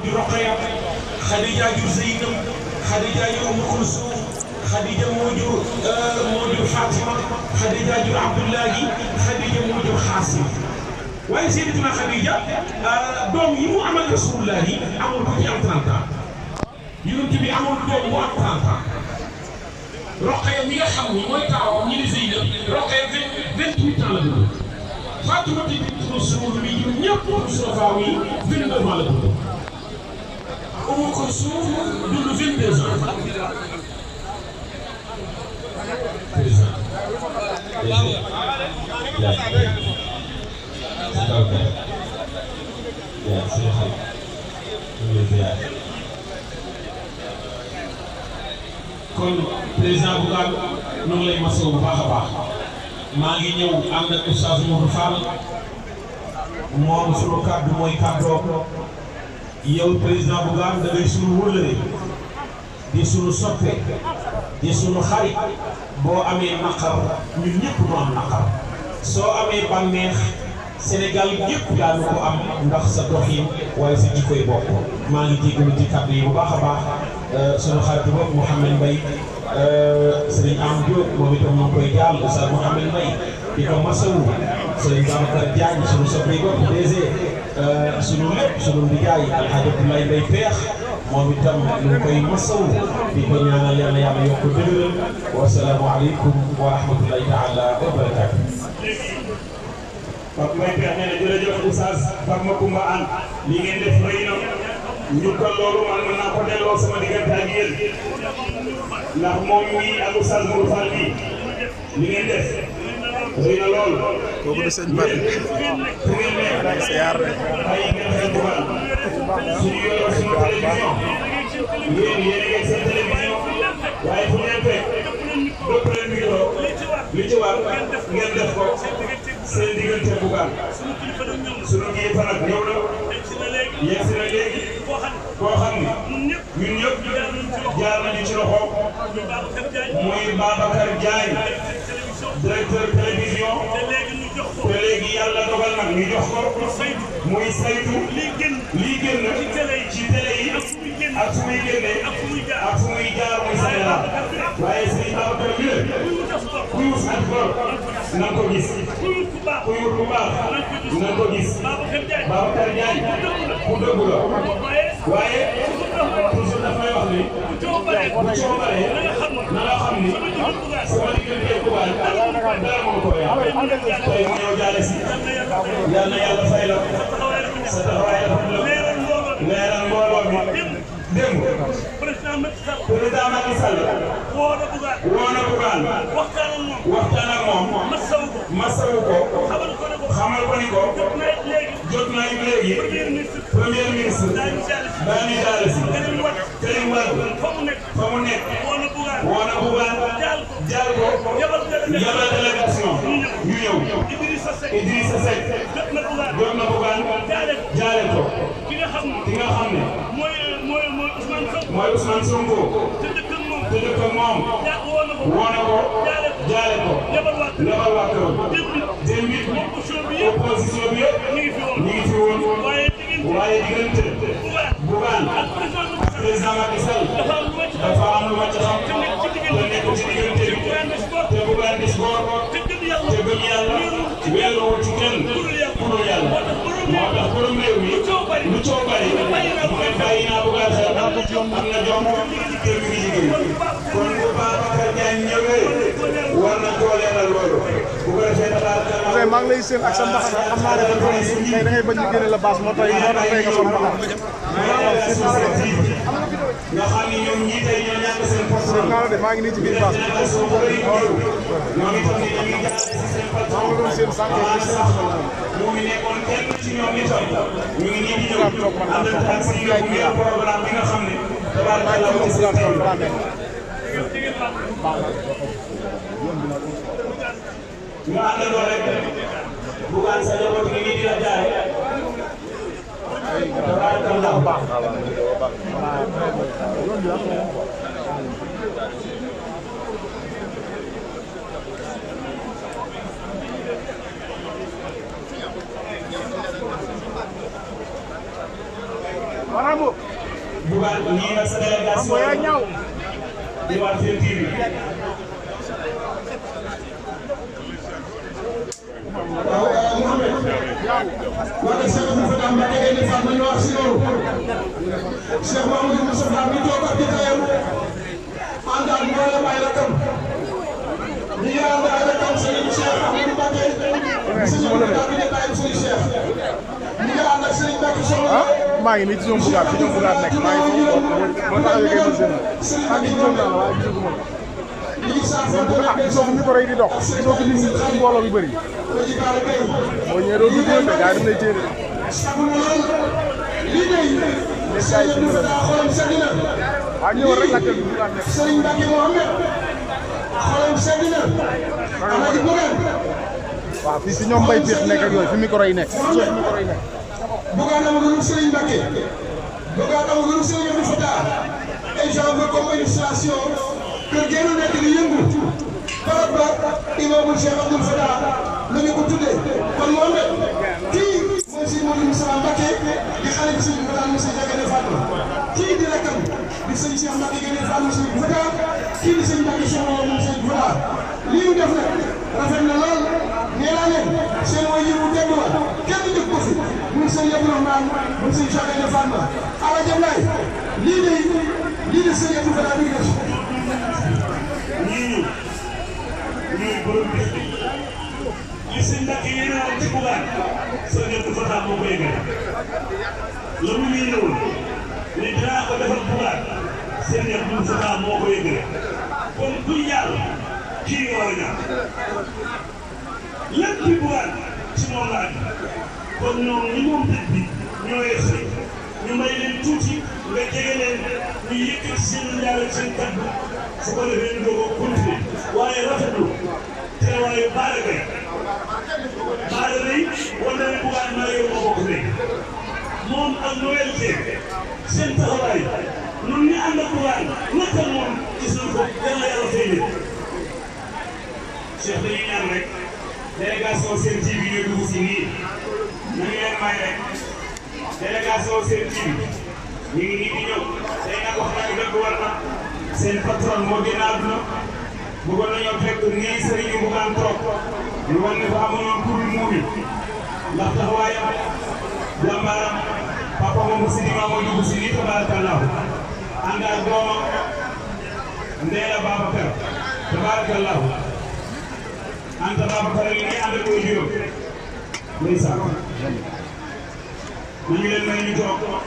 di Roqaya Xadija jur Zeynab Xadija jur Umm Kulsum Xadija moo jur euh, moo jur Fatima Xadija jur Abdullahi Xadija moo jur Xaasim waaye Seydatuna Xadija euh, doom yi mu amal yi amul ko ci am 30 ans Yonent bi yi vingt Oumou Koulsoum dund 22 ans président kon président bu baax ñu ngi lay masawu bu baax a baax maa ngi ñëw ànd ak Oustaz Modou Fall moom sunu kàddu mooy kàddoom. yow président Bougane da ngay sunu wóllëre di sunu soppe di sunu xarit boo amee naqar ñun ñëpp mu am soo amee bànneex Sénégal ñëpp daanu ko am ndax sa doxin waaye sa jikkoy bopp maa ngi jégalu ci kàddu yi bu baax a baax euh, sunu xarit bopp Mouhamed Mbaye euh, sëriñ am Diop moom itam moo koy jàll sa Mouhamed Mbaye di ko masawu sëriñ Babacar Diagne sunu soppe sunu euh, lépp sunu liggéey alxaaji Abdoulaye moom itam ñu koy masaw di ko ñaanal yàlla yàlla yokk dëgëral wa salaamu aleykum wa rahmatullahi taala wa barakaatu. Pape Mbaye Peex na jërëjëf Oustaz Pape Makumba An li ngeen def na ñu ko man mën naa ko delloo sama diggante ak yéen ndax moom mii ak rëy na lool. kooku du sëñ Bari. siyaar rek. suñu yoroo suñu télévision. yéen yéen a ngi seen télévision. waaye fu ngeen fekk. bëpp leen micro. li ci war ngeen def ko. seen diggante bu baax. suñu kilifa nag ñëw na. yegg si na léegi. koo xam ni. ñun ñëpp jaar nañu ci loxo. muy Babacar Diagne. directeur ñu jox ko muy saytu lii génn lii génn ci télé yi ci télé yi ak fu muy génne ak fu muy jaar muy Sénégal waaye Serigne Babacar bi la kuy wut ak bor na ko gis kuy wut bu baax na ko gis Babacar Diagne ku dëgg la waaye toujours daf may wax ni bu coobaree na nga xam ni sama diggante koy tey ñëw jaale si yal na yàlla fay la sa taxawaay la leeral mbooloo bi dégg nga président Macky Sall woo na Bougane waxtaan ak moom masawu ko xamal ko ni ko jot naa it léegi premier ministre daa ñu jaale si Karim Wade fa mu nekk woo na Bougane jaal ko yabal Idrissa Seck jot na Bougane jaale ko ki nga xam ne mooy mooy Ousmane Sonko te dëkk ak moom te dëkk ak moom woo na ko jaale ko lebal waa këram démb bi opposition bi yëpp ñu ngi fi woon waaye diggante Bougane président Macky Sall dafa am lu ma ca xam te nekk ci diggante bi te Bougane di si góor te gëm yàlla weeroo ci kenn ku dul yàlla moo tax borom réew mi lu coow bari mu ne bàyyi naa Boucar Sarr am na jom am na jom te mi ngi liggéey kon bu Babacar Diagne ñëwee war na koo leeral loolu bu ko defee dafa maa ngi lay seen ak sa mbax xam naa ne tey da ngay bañ a génne la base moo tax moo tax tey nga sol mbax nga xam ni ñoom ñii tey ñoo ñàkk seen patron. maa ngi nii ci biir base bi. ñoom itam ñu ngi jaarale ci seen patron. maanaam sax mu ngi nekkoon kenn ci ñoom itam. ñu ngi nii di ñëw ànd ak si yow bu yor programme bi nga xam ne. damaa la ko ci seen tool. ñu àndandoo rek. bugaan sa njaboot gi nii di la jaay. damaa la ko baax. Bougane ñëw na sa délégation Bougane seen TV wala Cheikh Moussa Dame ba déggee ne sax nañu wax si loolu Cheikh Mamadou Moustapha mi toog ak jotaayam ànd ak mboolem ay rakam ñu yaram ay rakam Serigne Cheikh Ahmadou Mbacké Serigne Moussa bi nekk ay Serigne Cheikh ñu ngi ànd ak Serigne Mbacké Soxla maa ngi nii ci zone Bouga ci zone Bouga nekk maa ngi ci zone Bouga maa ngi ci zone Bouga waaye gisaguma ko loolu bu ko xam gisoo ko micro yi di dox gisoo ko nit ñi ci mbooloo bi bëri boo ñëwee doo nekk. waaw fii si ñoom mbay piix nekk nekk. micro kër gee nu nekk di yëngu barab ba imaamul Cheikh Abdoul Fatah la ñu ko tuddee kon moom rek kii mooy si Modou Moussa Mbacké di xale bi Serigne Fatah Moussa Diakhaté Fatma kii di rakkam di Serigne Cheikh Mbacké Guèye Fatma Serigne Fatah kii di Serigne Mbacké Cheikh Mamadou Serigne Fatah lii ñu def nag rafet na lool nee naa leen seen way yi mu déglu la kenn jëf ko fi mun Serigne Abdourahmane mun Serigne Diakhaté Fatma ala jam laay lii de lii de Serigne Abdoul Fatah bi def ñii ñooy borom bés bi si ndax yéen a ci bugaan soo jël ko Fataw moo koy gën la mu ñuy ni dinaa ko defal bugaan seen yëf bu moo koy gën kon bu yàlla kii nga war a ci bugaan ci moom la ak kon ñoom ñi moom bés bi ñoo yëg leen tuuti nga jege leen ñu yëkkati seen su ko defee ñu doog a waaye rafetlu teewaayu Bara Gaye Bara Gaye war na leen bugaan maa ma bokk ne moom ak Noël Dieng seen taxawaay ñun ñu ànd ak bugaan naka moom gis nañ ko yàlla yàlla fay leen Cheikh dañuy ñaan rek délégation seen TV ñooy dugg si nii ñu ngi leen may rek délégation seen TV ñu ngi nii di ñëw tey nag wax naa dëgg war na. seen patron moo génn àdduna bëggoon nañoo fekk nii sëriñ bu gaan toog lu wan ne fa amoon pour muumi ndax taxawaayam jàmbaaram papa moomu si ni maamoo dugg si nii tabaarakallaahu ànd ak doomam Ndella Babacar tabaarakallaahu Anta Babacar li ngay ànd ak koy juróom ndeysaan nañu leen may ñu toog